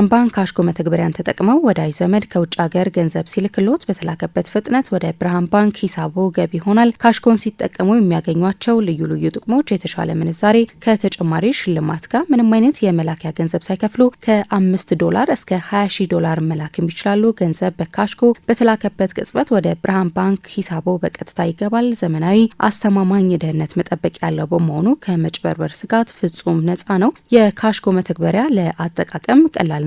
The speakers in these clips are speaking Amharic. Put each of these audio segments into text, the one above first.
የብርሃን ባንክ ካሽኮ መተግበሪያን ተጠቅመው ወዳጅ ዘመድ ከውጭ ሀገር ገንዘብ ሲልክሎት በተላከበት ፍጥነት ወደ ብርሃን ባንክ ሂሳቦ ገቢ ይሆናል። ካሽጎን ሲጠቀሙ የሚያገኟቸው ልዩ ልዩ ጥቅሞች የተሻለ ምንዛሬ ከተጨማሪ ሽልማት ጋር ምንም አይነት የመላኪያ ገንዘብ ሳይከፍሉ ከአምስት ዶላር እስከ ሀያ ሺ ዶላር መላክም ይችላሉ። ገንዘብ በካሽጎ በተላከበት ቅጽበት ወደ ብርሃን ባንክ ሂሳቦ በቀጥታ ይገባል። ዘመናዊ፣ አስተማማኝ ደህንነት መጠበቅ ያለው በመሆኑ ከመጭበርበር ስጋት ፍጹም ነፃ ነው። የካሽጎ መተግበሪያ ለአጠቃቀም ቀላል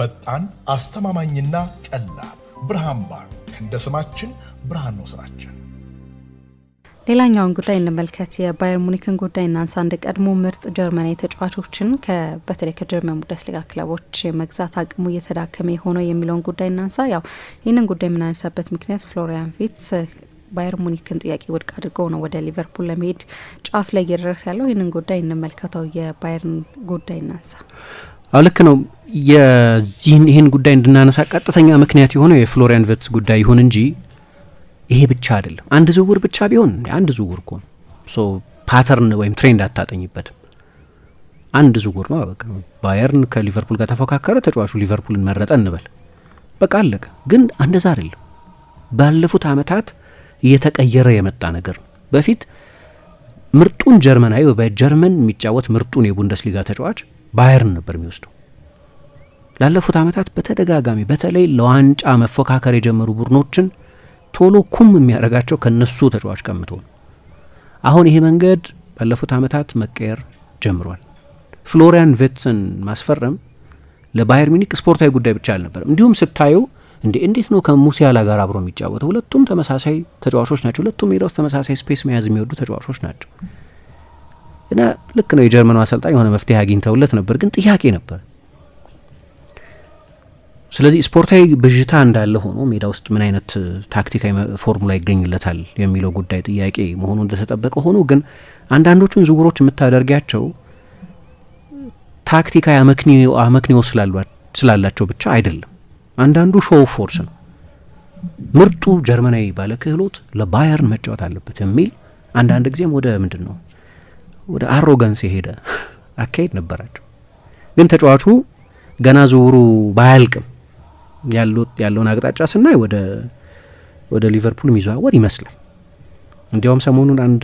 ፈጣን፣ አስተማማኝና ቀላል ብርሃን ባንክ። እንደ ስማችን ብርሃን ነው ስራችን። ሌላኛውን ጉዳይ እንመልከት። የባየር ሙኒክን ጉዳይ እናንሳ። እንደ ቀድሞ ምርጥ ጀርመናዊ ተጫዋቾችን በተለይ ከጀርመን ቡንደስሊጋ ክለቦች መግዛት አቅሙ እየተዳከመ የሆነው የሚለውን ጉዳይ እናንሳ። ያው ይህንን ጉዳይ የምናነሳበት ምክንያት ፍሎሪያን ቪትስ ባየር ሙኒክን ጥያቄ ውድቅ አድርገው ነው ወደ ሊቨርፑል ለመሄድ ጫፍ ላይ እየደረሰ ያለው። ይህንን ጉዳይ እንመልከተው። የባየርን ጉዳይ እናንሳ። ልክ ነው። የዚህን ይህን ጉዳይ እንድናነሳ ቀጥተኛ ምክንያት የሆነው የፍሎሪያን ቨትስ ጉዳይ ይሁን እንጂ ይሄ ብቻ አይደለም። አንድ ዝውውር ብቻ ቢሆን አንድ ዝውውር እኮ ሶ ፓተርን ወይም ትሬንድ አታጠኝበትም። አንድ ዝውውር ነው በቃ። ባየርን ከሊቨርፑል ጋር ተፎካከረ፣ ተጫዋቹ ሊቨርፑልን መረጠ እንበል፣ በቃ አለቀ። ግን እንደዛ አይደለም። ባለፉት አመታት እየተቀየረ የመጣ ነገር ነው። በፊት ምርጡን ጀርመናዊ በጀርመን የሚጫወት ምርጡን የቡንደስሊጋ ተጫዋች ባየርን ነበር የሚወስደው። ላለፉት ዓመታት በተደጋጋሚ በተለይ ለዋንጫ መፎካከር የጀመሩ ቡድኖችን ቶሎ ኩም የሚያደርጋቸው ከነሱ ተጫዋች ቀምቶ ነው። አሁን ይሄ መንገድ ባለፉት ዓመታት መቀየር ጀምሯል። ፍሎሪያን ቬትስን ማስፈረም ለባየር ሚኒክ ስፖርታዊ ጉዳይ ብቻ አልነበርም። እንዲሁም ስታዩ እንዴ እንዴት ነው ከሙሲያላ ጋር አብሮ የሚጫወተው? ሁለቱም ተመሳሳይ ተጫዋቾች ናቸው። ሁለቱም ሜዳ ውስጥ ተመሳሳይ ስፔስ መያዝ የሚወዱ ተጫዋቾች ናቸው እና ልክ ነው የጀርመኑ አሰልጣኝ የሆነ መፍትሄ አግኝተውለት ነበር፣ ግን ጥያቄ ነበር ስለዚህ ስፖርታዊ ብዥታ እንዳለ ሆኖ ሜዳ ውስጥ ምን አይነት ታክቲካዊ ፎርሙላ ይገኝለታል የሚለው ጉዳይ ጥያቄ መሆኑ እንደተጠበቀ ሆኖ ግን አንዳንዶቹን ዝውውሮች የምታደርጊያቸው ታክቲካዊ አመክንዮ ስላላቸው ብቻ አይደለም። አንዳንዱ ሾው ፎርስ ነው። ምርጡ ጀርመናዊ ባለ ክህሎት ለባየርን መጫወት አለበት የሚል አንዳንድ ጊዜም ወደ ምንድን ነው ወደ አሮጋንስ የሄደ አካሄድ ነበራቸው። ግን ተጫዋቹ ገና ዝውውሩ ባያልቅም ያለውን አቅጣጫ ስናይ ወደ ወደ ሊቨርፑል የሚዘዋወር ይመስላል። እንዲያውም ሰሞኑን አንድ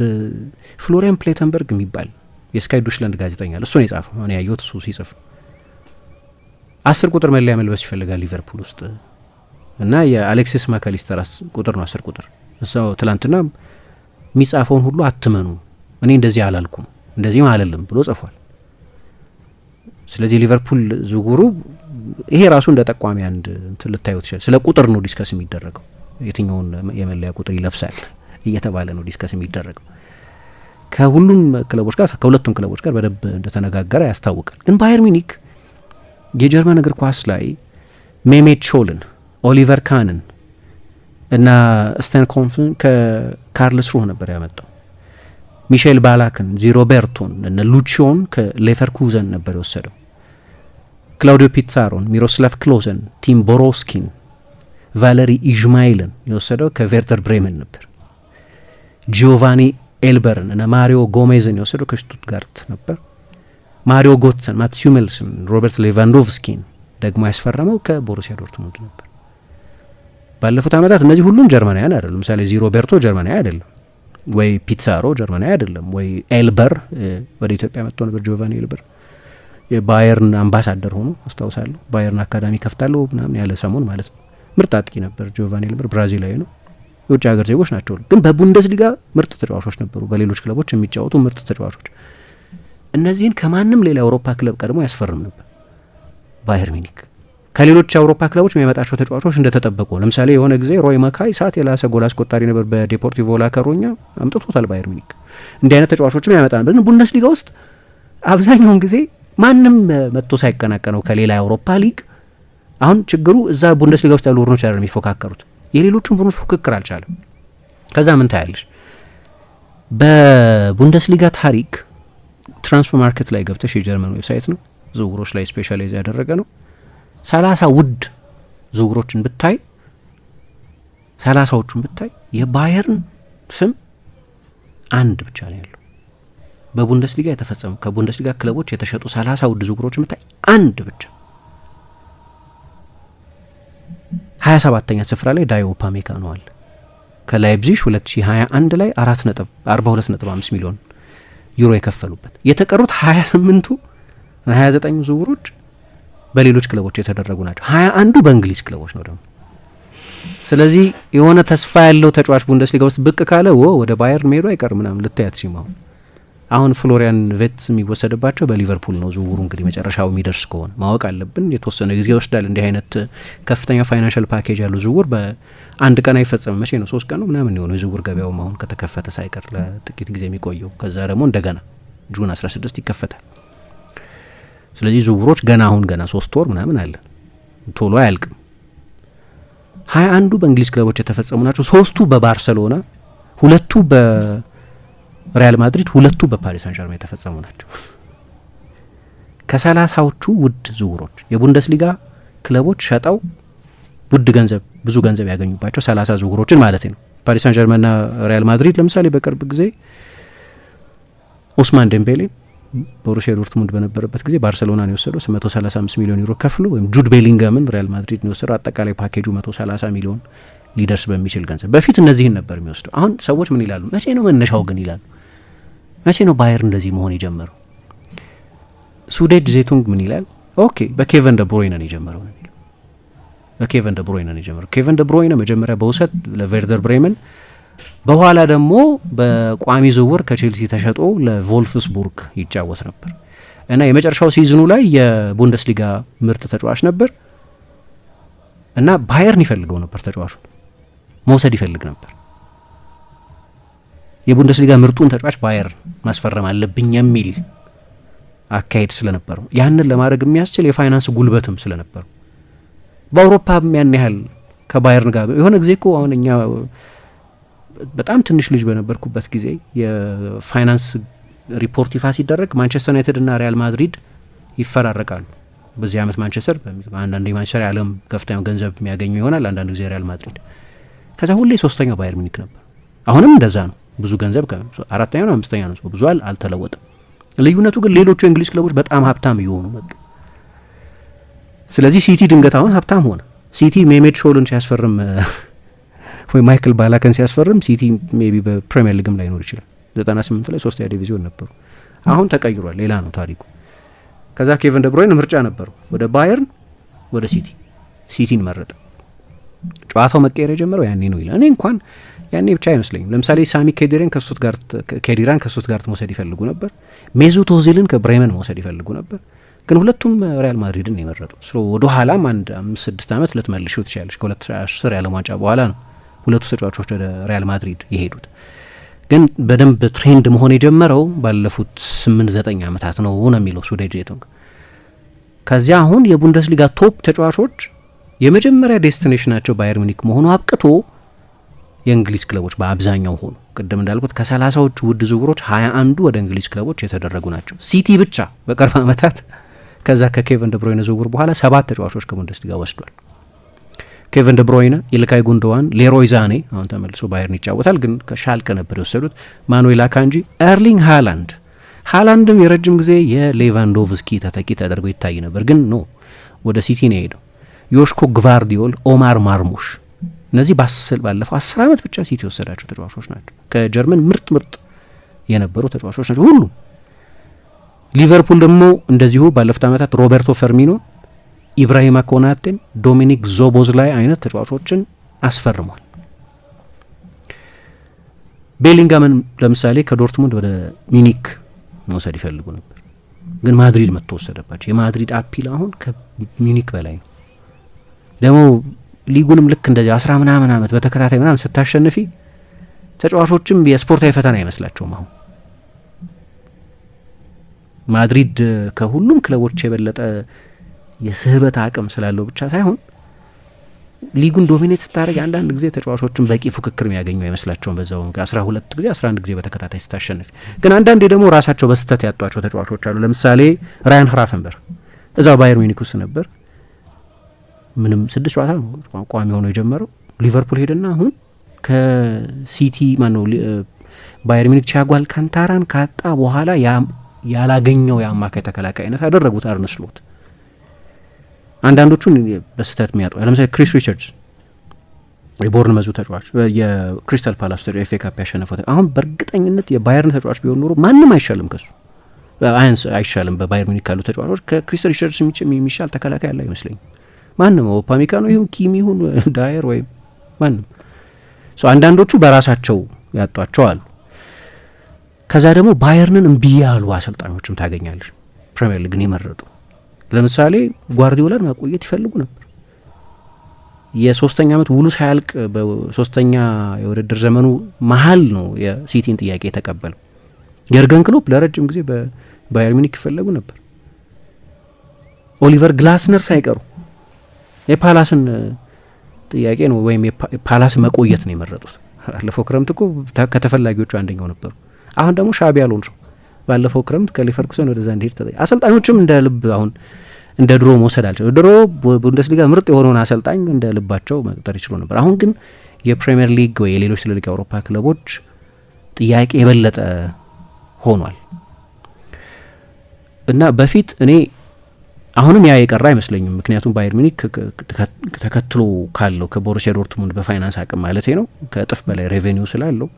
ፍሎሪያን ፕሌተንበርግ የሚባል የስካይ ዱሽላንድ ጋዜጠኛ እሱ ነው የጻፈው። አሁን ያየሁት እሱ ሲጽፍ አስር ቁጥር መለያ መልበስ ይፈልጋል ሊቨርፑል ውስጥ እና የአሌክሲስ ማካሊስተር ቁጥር ነው አስር ቁጥር እሰው ትላንትና የሚጻፈውን ሁሉ አትመኑ፣ እኔ እንደዚህ አላልኩም እንደዚህም አለልም ብሎ ጽፏል። ስለዚህ ሊቨርፑል ዝውውሩ ይሄ ራሱ እንደ ጠቋሚ አንድ እንትን ልታዩ ትችላል። ስለ ቁጥር ነው ዲስከስ የሚደረገው። የትኛውን የመለያ ቁጥር ይለብሳል እየተባለ ነው ዲስከስ የሚደረገው። ከሁሉም ክለቦች ጋር ከሁለቱም ክለቦች ጋር በደንብ እንደተነጋገረ ያስታውቃል። ግን ባየር ሚኒክ የጀርመን እግር ኳስ ላይ ሜሜት ሾልን፣ ኦሊቨር ካንን እና ስተን ኮንፍን ከካርልስ ሩህ ነበር ያመጣው። ሚሼል ባላክን፣ ዚሮቤርቶን እነ ሉቺዮን ከሌቨርኩዘን ነበር የወሰደው። ክላውዲዮ ፒዛሮን፣ ሚሮስላቭ ክሎዘን፣ ቲም ቦሮስኪን፣ ቫለሪ ኢዥማይልን የወሰደው ከቬርተር ብሬመን ነበር። ጂዮቫኒ ኤልበርን እና ማሪዮ ጎሜዝን የወሰደው ከሽቱትጋርት ነበር። ማሪዮ ጎትሰን፣ ማትስ ሜልስን፣ ሮበርት ሌቫንዶቭስኪን ደግሞ ያስፈረመው ከቦሩሲያ ዶርትሙንድ ነበር። ባለፉት ዓመታት እነዚህ ሁሉም ጀርመናውያን አይደሉም። ምሳሌ ዚ ሮቤርቶ ጀርመናዊ አይደለም ወይ ፒዛሮ ጀርመናዊ አይደለም ወይ ኤልበር ወደ ኢትዮጵያ መጥቶ ነበር ጂዮቫኒ ኤልበር የባየርን አምባሳደር ሆኖ አስታውሳለሁ። ባየርን አካዳሚ ከፍታለሁ ምናምን ያለ ሰሞን ማለት ነው። ምርጥ አጥቂ ነበር ጆቫኒ ልምር፣ ብራዚላዊ ነው። የውጭ ሀገር ዜጎች ናቸው፣ ግን በቡንደስሊጋ ምርጥ ተጫዋቾች ነበሩ። በሌሎች ክለቦች የሚጫወቱ ምርጥ ተጫዋቾች። እነዚህን ከማንም ሌላ የአውሮፓ ክለብ ቀድሞ ያስፈርም ነበር ባየር ሚኒክ። ከሌሎች የአውሮፓ ክለቦች የሚያመጣቸው ተጫዋቾች እንደተጠበቁ። ለምሳሌ የሆነ ጊዜ ሮይ መካይ ሳት የላሰ ጎል አስቆጣሪ ነበር በዴፖርቲቮ ላ አምጥቶታል ባየር ሚኒክ። እንዲህ አይነት ተጫዋቾችም ያመጣ ነበር። ግን ቡንደስሊጋ ውስጥ አብዛኛውን ጊዜ ማንም መጥቶ ሳይቀናቀነው ከሌላ የአውሮፓ ሊግ። አሁን ችግሩ እዛ ቡንደስሊጋ ውስጥ ያሉ ቡድኖች አይደለም የሚፎካከሩት፣ የሌሎቹን ቡድኖች ፉክክር አልቻለም። ከዛ ምን ታያለሽ? በቡንደስሊጋ ታሪክ ትራንስፈር ማርኬት ላይ ገብተሽ የጀርመን ዌብሳይት ነው ዝውውሮች ላይ ስፔሻላይዝ ያደረገ ነው። ሰላሳ ውድ ዝውውሮችን ብታይ ሰላሳዎቹን ብታይ የባየርን ስም አንድ ብቻ ነው ያለው። በቡንደስሊጋ የተፈጸሙ ከቡንደስሊጋ ክለቦች የተሸጡ ሰላሳ ውድ ዝውውሮች ምታይ አንድ ብቻ ሀያ ሰባተኛ ስፍራ ላይ ዳዮ ኡፓሜካኖ ነው አለ ከላይፕዚሽ 2021 ላይ 42.5 ሚሊዮን ዩሮ የከፈሉበት የተቀሩት 28ቱ 29ኙ ዝውውሮች በሌሎች ክለቦች የተደረጉ ናቸው። 21ዱ በእንግሊዝ ክለቦች ነው ደግሞ። ስለዚህ የሆነ ተስፋ ያለው ተጫዋች ቡንደስሊጋ ውስጥ ብቅ ካለ ወ ወደ ባየር መሄዱ አይቀር ምናምን ልታያት ሲማሁን አሁን ፍሎሪያን ቬትስ የሚወሰድባቸው በሊቨርፑል ነው። ዝውውሩ እንግዲህ መጨረሻው የሚደርስ ከሆነ ማወቅ አለብን። የተወሰነ ጊዜ ይወስዳል። እንዲህ አይነት ከፍተኛ ፋይናንሻል ፓኬጅ ያለው ዝውውር በአንድ ቀን አይፈጸምም። መቼ ነው? ሶስት ቀን ነው ምናምን የሆነው የዝውውር ገበያው አሁን ከተከፈተ ሳይቀር ለጥቂት ጊዜ የሚቆየው ከዛ ደግሞ እንደገና ጁን 16 ይከፈታል። ስለዚህ ዝውውሮች ገና አሁን ገና ሶስት ወር ምናምን አለን። ቶሎ አያልቅም። ሀያ አንዱ በእንግሊዝ ክለቦች የተፈጸሙ ናቸው። ሶስቱ በባርሰሎና፣ ሁለቱ በ ሪያል ማድሪድ ሁለቱ በፓሪስ ሳን ጀርማ የተፈጸሙ ናቸው። ከሰላሳዎቹ ውድ ዝውውሮች የቡንደስሊጋ ክለቦች ሸጠው ውድ ገንዘብ ብዙ ገንዘብ ያገኙባቸው ሰላሳ ዝውውሮችን ማለት ነው። ፓሪስ ሳን ዠርማና ሪያል ማድሪድ ለምሳሌ በቅርብ ጊዜ ኦስማን ደምቤሌ ቦሩሲያ ዶርትሙንድ በነበረበት ጊዜ ባርሰሎናን የወሰደው 135 ሚሊዮን ዩሮ ከፍሎ ወይም ጁድ ቤሊንገምን ሪያል ማድሪድ የወሰደው አጠቃላይ ፓኬጁ 130 ሚሊዮን ሊደርስ በሚችል ገንዘብ በፊት እነዚህን ነበር የሚወስደው። አሁን ሰዎች ምን ይላሉ? መቼ ነው መነሻው ግን ይላሉ። መቼ ነው ባየር እንደዚህ መሆን የጀመረው? ሱዴድ ዜቱንግ ምን ይላል? ኦኬ በኬቨን ደብሮይነ የጀመረው በኬቨን ደብሮይነ የጀመረው። ኬቨን ደብሮይነ መጀመሪያ በውሰት ለቬርደር ብሬመን በኋላ ደግሞ በቋሚ ዝውውር ከቼልሲ ተሸጦ ለቮልፍስቡርግ ይጫወት ነበር እና የመጨረሻው ሲዝኑ ላይ የቡንደስሊጋ ምርጥ ተጫዋች ነበር እና ባየርን ይፈልገው ነበር። ተጫዋቹ መውሰድ ይፈልግ ነበር የቡንደስሊጋ ምርጡን ተጫዋች ባየር ማስፈረም አለብኝ የሚል አካሄድ ስለነበረው ያንን ለማድረግ የሚያስችል የፋይናንስ ጉልበትም ስለነበረው በአውሮፓም ያን ያህል ከባየርን ጋር የሆነ ጊዜ እኮ አሁን እኛ በጣም ትንሽ ልጅ በነበርኩበት ጊዜ የፋይናንስ ሪፖርት ይፋ ሲደረግ ማንቸስተር ዩናይትድ እና ሪያል ማድሪድ ይፈራረቃሉ። በዚህ ዓመት ማንቸስተር አንዳንድ ማንቸስተር የዓለም ከፍተኛ ገንዘብ የሚያገኙ ይሆናል፣ አንዳንድ ጊዜ ሪያል ማድሪድ። ከዛ ሁሌ ሶስተኛው ባየር ሚኒክ ነበር። አሁንም እንደዛ ነው። ብዙ ገንዘብ አራተኛ ነው አምስተኛ ነው ብዙ አልተለወጠም። ልዩነቱ ግን ሌሎቹ የእንግሊዝ ክለቦች በጣም ሀብታም እየሆኑ መጡ። ስለዚህ ሲቲ ድንገት አሁን ሀብታም ሆነ። ሲቲ ሜሜድ ሾልን ሲያስፈርም ወይ ማይክል ባላከን ሲያስፈርም ሲቲ ሜይ ቢ በፕሪሚየር ሊግም ላይኖር ይችላል። ዘጠና ስምንት ላይ ሶስተኛ ዲቪዚዮን ነበሩ። አሁን ተቀይሯል፣ ሌላ ነው ታሪኩ። ከዛ ኬቨን ደብሮይን ምርጫ ነበረው ወደ ባየርን ወደ ሲቲ፣ ሲቲን መረጠ። ጨዋታው መቀየር የጀመረው ያኔ ነው ይላል እኔ እንኳን ያኔ ብቻ አይመስለኝም። ለምሳሌ ሳሚ ኬዲራን ኬዲራን ከስቱትጋርት መውሰድ ይፈልጉ ነበር። ሜሱት ኦዚልን ከብሬመን መውሰድ ይፈልጉ ነበር። ግን ሁለቱም uh, ሪያል ማድሪድን ስለ ወደ ኋላም አንድ አምስት ስድስት ዓመት ልትመልሺው ትችላለች። ከሁለት ሺ አስር የዓለም ዋንጫ በኋላ ነው ሁለቱ ተጫዋቾች ወደ ሪያል ማድሪድ የሄዱት። ግን በደንብ ትሬንድ መሆን የጀመረው ባለፉት ስምንት ዘጠኝ ዓመታት ነው ነው የሚለው ሱዴጅ ቱንግ። ከዚያ አሁን የቡንደስሊጋ ቶፕ ተጫዋቾች የመጀመሪያ ዴስቲኔሽናቸው ባየር ሚኒክ መሆኑ አብቅቶ የእንግሊዝ ክለቦች በአብዛኛው ሆኑ። ቅድም እንዳልኩት ከሰላሳዎቹ ውድ ዝውውሮች ሀያ አንዱ ወደ እንግሊዝ ክለቦች የተደረጉ ናቸው። ሲቲ ብቻ በቅርብ ዓመታት ከዛ ከኬቨን ደብሮይነ ዝውውር በኋላ ሰባት ተጫዋቾች ከቡንደስሊጋ ወስዷል። ኬቨን ደብሮይነ፣ ኢልካይ ጉንደዋን፣ ሌሮይ ዛኔ አሁን ተመልሶ ባየርን ይጫወታል፣ ግን ከሻልቀ ነበር የወሰዱት። ማኑዌል አካንጂ፣ ኤርሊንግ ሃላንድ ሃላንድም የረጅም ጊዜ የሌቫንዶቭስኪ ተተኪ ተደርጎ ይታይ ነበር፣ ግን ኖ ወደ ሲቲ ነው የሄደው። ዮሽኮ ግቫርዲዮል፣ ኦማር ማርሙሽ እነዚህ በስል ባለፈው አስር ዓመት ብቻ ሲቲ የወሰዳቸው ተጫዋቾች ናቸው። ከጀርመን ምርጥ ምርጥ የነበሩ ተጫዋቾች ናቸው ሁሉም። ሊቨርፑል ደግሞ እንደዚሁ ባለፉት ዓመታት ሮበርቶ ፈርሚኖ፣ ኢብራሂማ ኮናቴን፣ ዶሚኒክ ዞቦዝ ላይ አይነት ተጫዋቾችን አስፈርሟል። ቤሊንጋምን ለምሳሌ ከዶርትሙንድ ወደ ሚኒክ መውሰድ ይፈልጉ ነበር፣ ግን ማድሪድ መጥቶ ወሰደባቸው። የማድሪድ አፒል አሁን ከሚኒክ በላይ ነው ደግሞ ሊጉንም ልክ እንደዚ አስራ ምናምን ዓመት በተከታታይ ምናምን ስታሸንፊ ተጫዋቾችም የስፖርታዊ ፈተና አይመስላቸውም። አሁን ማድሪድ ከሁሉም ክለቦች የበለጠ የስህበት አቅም ስላለው ብቻ ሳይሆን ሊጉን ዶሚኔት ስታደርግ አንዳንድ ጊዜ ተጫዋቾችን በቂ ፉክክር የሚያገኙ አይመስላቸውም። በዛው አስራ ሁለት ጊዜ አስራ አንድ ጊዜ በተከታታይ ስታሸንፍ ግን አንዳንዴ ደግሞ ራሳቸው በስህተት ያጧቸው ተጫዋቾች አሉ። ለምሳሌ ራያን ሀራፈንበር እዛው ባየር ሚኒክ ውስጥ ነበር። ምንም ስድስት ጨዋታ ነው ቋሚ ሆኖ የጀመረው። ሊቨርፑል ሄደና አሁን ከሲቲ ማነው ባየር ሚኒክ ቻጎ አልካንታራን ካጣ በኋላ ያላገኘው የአማካይ ተከላካይነት አደረጉት አርነ ስሎት። አንዳንዶቹን በስህተት የሚያጡ ለምሳሌ ክሪስ ሪቻርድስ የቦርን መዙ ተጫዋች የክሪስታል ፓላስ ኤፍ ኤ ካፕ ያሸነፈው አሁን በእርግጠኝነት የባየርን ተጫዋች ቢሆን ኖሮ ማንም አይሻልም ከሱ አይንስ አይሻልም። በባየር ሚኒክ ካሉ ተጫዋቾች ከክሪስ ሪቻርድስ የሚሻል ተከላካይ ያለ አይመስለኝም። ማንም ኦፓሜካኖ ይሁን ኪም ይሁን ዳየር ወይም ማንም አንዳንዶቹ በራሳቸው ያጧቸው አሉ። ከዛ ደግሞ ባየርንን እምቢ ያሉ አሰልጣኞችም ታገኛለች ፕሪምየር ሊግን የመረጡ ለምሳሌ ጓርዲዮላን ማቆየት ይፈልጉ ነበር። የሶስተኛ ዓመት ውሉ ሳያልቅ በሶስተኛ የውድድር ዘመኑ መሀል ነው የሲቲን ጥያቄ የተቀበለው። የርገን ክሎፕ ለረጅም ጊዜ በባየር ሚኒክ ይፈለጉ ነበር። ኦሊቨር ግላስነር ሳይቀሩ የፓላስን ጥያቄ ነው ወይም ፓላስ መቆየት ነው የመረጡት። ባለፈው ክረምት እኮ ከተፈላጊዎቹ አንደኛው ነበሩ። አሁን ደግሞ ሻቢ አሎንሶ ባለፈው ክረምት ከሌቨርኩሰን ወደዛ እንዲሄድ ተጠ አሰልጣኞችም እንደ ልብ አሁን እንደ ድሮ መውሰድ አልችል። ድሮ ቡንደስሊጋ ምርጥ የሆነውን አሰልጣኝ እንደ ልባቸው መቅጠር ይችሉ ነበር። አሁን ግን የፕሪምየር ሊግ ወይ የሌሎች ትልልቅ የአውሮፓ ክለቦች ጥያቄ የበለጠ ሆኗል እና በፊት እኔ አሁንም ያ የቀረ አይመስለኝም። ምክንያቱም ባየር ሚኒክ ተከትሎ ካለው ከቦሩሲያ ዶርትሙንድ በፋይናንስ አቅም ማለት ነው ከእጥፍ በላይ ሬቬኒው ስላለው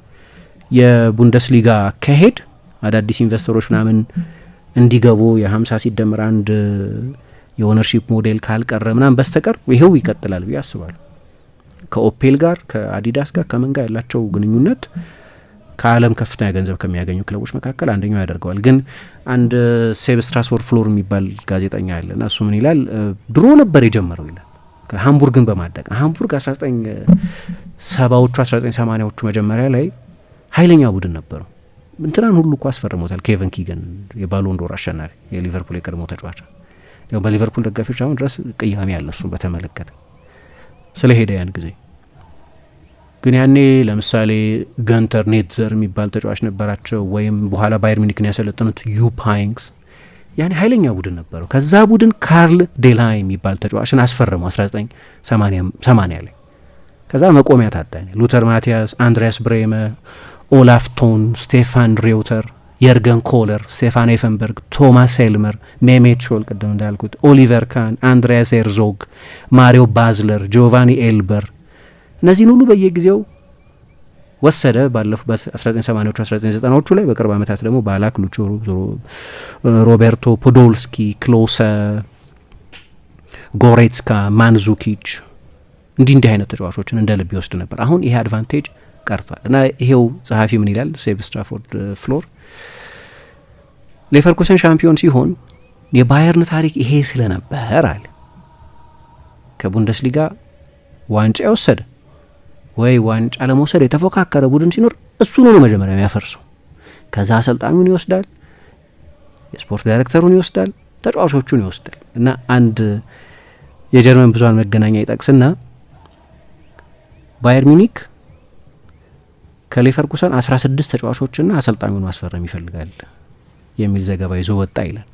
የቡንደስሊጋ ከሄድ አዳዲስ ኢንቨስተሮች ምናምን እንዲገቡ የሀምሳ ሲደመር አንድ የኦነርሺፕ ሞዴል ካልቀረ ምናምን በስተቀር ይሄው ይቀጥላል ብዬ አስባለሁ። ከኦፔል ጋር ከአዲዳስ ጋር ከመንጋ ያላቸው ግንኙነት ከዓለም ከፍተኛ ገንዘብ ከሚያገኙ ክለቦች መካከል አንደኛው ያደርገዋል። ግን አንድ ሴብ ስትራስፎርድ ፍሎር የሚባል ጋዜጠኛ አለ እና እሱ ምን ይላል? ድሮ ነበር የጀመረው ይላል ከሃምቡርግን በማደቅ ሃምቡርግ 1970ዎቹ 1980 ሰማኒያዎቹ መጀመሪያ ላይ ኃይለኛ ቡድን ነበረው። እንትናን ሁሉ እኮ አስፈርሞታል። ኬቨን ኪገን የባሎን ዶር አሸናፊ የሊቨርፑል የቀድሞ ተጫዋች ያው በሊቨርፑል ደጋፊዎች አሁን ድረስ ቅያሜ ያለ እሱን በተመለከተ ስለ ሄደ ያን ጊዜ ግን ያኔ ለምሳሌ ገንተር ኔትዘር የሚባል ተጫዋች ነበራቸው፣ ወይም በኋላ ባየር ሚኒክን ያሰለጠኑት ዩፓይንግስ ያኔ ኃይለኛ ቡድን ነበረው። ከዛ ቡድን ካርል ዴላ የሚባል ተጫዋችን አስፈረሙ 1980 ላይ። ከዛ መቆሚያ ታጣኝ ሉተር ማቲያስ፣ አንድሪያስ ብሬመ፣ ኦላፍ ቶን፣ ስቴፋን ሬውተር፣ የርገን ኮለር፣ ስቴፋን ኤፈንበርግ፣ ቶማስ ሄልመር፣ ሜሜት ሾል፣ ቅድም እንዳልኩት ኦሊቨር ካን፣ አንድሪያስ ኤርዞግ፣ ማሪዮ ባዝለር፣ ጆቫኒ ኤልበር እነዚህን ሁሉ በየጊዜው ወሰደ። ባለፉ በ1980ዎቹ 1990ዎቹ ላይ በቅርብ ዓመታት ደግሞ ባላክ፣ ሉቾ፣ ሮቤርቶ ፖዶልስኪ፣ ክሎሰ፣ ጎሬትስካ፣ ማንዙኪች እንዲህ እንዲህ አይነት ተጫዋቾችን እንደ ልብ ይወስድ ነበር። አሁን ይሄ አድቫንቴጅ ቀርቷል እና ይሄው ጸሐፊ ምን ይላል? ሴቭ ስትራፎርድ ፍሎር ሌቨርኩሰን ሻምፒዮን ሲሆን የባየርን ታሪክ ይሄ ስለነበር አለ ከቡንደስሊጋ ዋንጫ የወሰደ ወይ ዋንጫ ለመውሰድ የተፎካከረ ቡድን ሲኖር እሱን ነው መጀመሪያ የሚያፈርሰው። ከዛ አሰልጣኙን ይወስዳል፣ የስፖርት ዳይሬክተሩን ይወስዳል፣ ተጫዋቾቹን ይወስዳል እና አንድ የጀርመን ብዙሃን መገናኛ ይጠቅስና ባየር ሚኒክ ከሌቨርኩሰን 16 ተጫዋቾችና አሰልጣኙን ማስፈረም ይፈልጋል የሚል ዘገባ ይዞ ወጣ ይላል።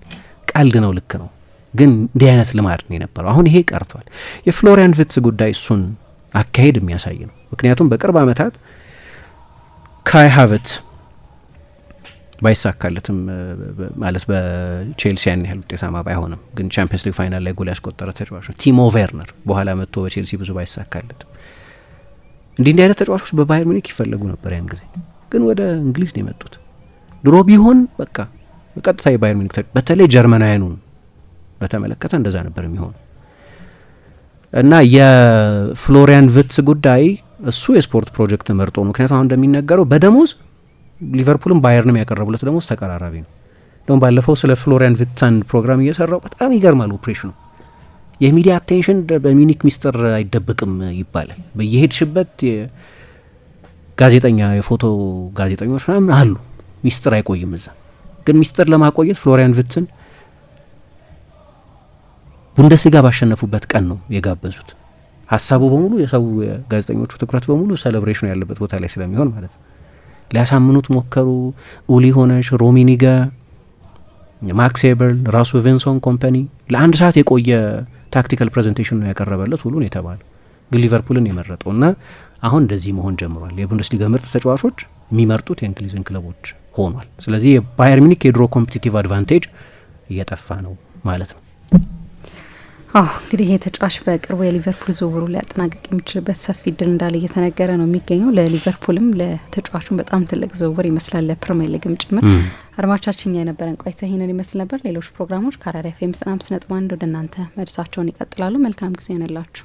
ቀልድ ነው፣ ልክ ነው። ግን እንዲህ አይነት ልማድ ነው የነበረው። አሁን ይሄ ቀርቷል። የፍሎሪያን ቪትስ ጉዳይ እሱን አካሄድ የሚያሳይ ነው። ምክንያቱም በቅርብ ዓመታት ካይ ሃቨርትዝ ባይሳካለትም ማለት በቼልሲ ያን ያህል ውጤታማ ባይሆንም ግን ቻምፒየንስ ሊግ ፋይናል ላይ ጎል ያስቆጠረ ተጫዋች ነው። ቲሞ ቬርነር በኋላ መጥቶ በቼልሲ ብዙ ባይሳካለትም እንዲህ እንዲህ አይነት ተጫዋቾች በባየር ሙኒክ ይፈለጉ ነበር። ያን ጊዜ ግን ወደ እንግሊዝ ነው የመጡት። ድሮ ቢሆን በቃ በቀጥታ የባየር ሙኒክ በተለይ ጀርመናውያኑን በተመለከተ እንደዛ ነበር የሚሆኑ እና የፍሎሪያን ቨትዝ ጉዳይ እሱ የስፖርት ፕሮጀክት መርጦ ምክንያቱም አሁን እንደሚነገረው በደሞዝ ሊቨርፑልም ባየርንም ያቀረቡለት ደሞዝ ተቀራራቢ ነው። እንደውም ባለፈው ስለ ፍሎሪያን ቪትሳን ፕሮግራም እየሰራው በጣም ይገርማል። ኦፕሬሽኑ የሚዲያ አቴንሽን በሚኒክ ሚስጥር አይደበቅም ይባላል። በየሄድሽበት ጋዜጠኛ የፎቶ ጋዜጠኞች ምናምን አሉ። ሚስጥር አይቆይም እዛ። ግን ሚስጥር ለማቆየት ፍሎሪያን ቪትስን ቡንደስሊጋ ባሸነፉበት ቀን ነው የጋበዙት። ሀሳቡ በሙሉ የሰው ጋዜጠኞቹ ትኩረት በሙሉ ሴሌብሬሽኑ ያለበት ቦታ ላይ ስለሚሆን ማለት ነው። ሊያሳምኑት ሞከሩ። ኡሊ ሆነሽ፣ ሮሚኒጋ፣ ማክስ ኤበርል፣ ራሱ ቪንሶን ኮምፓኒ ለአንድ ሰዓት የቆየ ታክቲካል ፕሬዘንቴሽን ነው ያቀረበለት ሁሉን የተባለ ግን ሊቨርፑልን የመረጠው እና አሁን እንደዚህ መሆን ጀምሯል። የቡንደስሊጋ ምርጥ ተጫዋቾች የሚመርጡት የእንግሊዝን ክለቦች ሆኗል። ስለዚህ የባየር ሚኒክ የድሮ ኮምፒቲቲቭ አድቫንቴጅ እየጠፋ ነው ማለት ነው። አዎ እንግዲህ የተጫዋች በቅርቡ የሊቨርፑል ዝውውሩ ሊያጠናቀቅ የሚችልበት ሰፊ እድል እንዳለ እየተነገረ ነው የሚገኘው። ለሊቨርፑልም ለተጫዋቹም በጣም ትልቅ ዝውውር ይመስላል፣ ለፕሪሚየር ሊግም ጭምር። አድማቻችን የነበረን ቆይታ ይህንን ይመስል ነበር። ሌሎች ፕሮግራሞች ከአራዳ ኤፍ ኤም ዘጠና አምስት ነጥብ አንድ ወደ እናንተ መድሳቸውን ይቀጥላሉ። መልካም ጊዜ ይሆንላችሁ።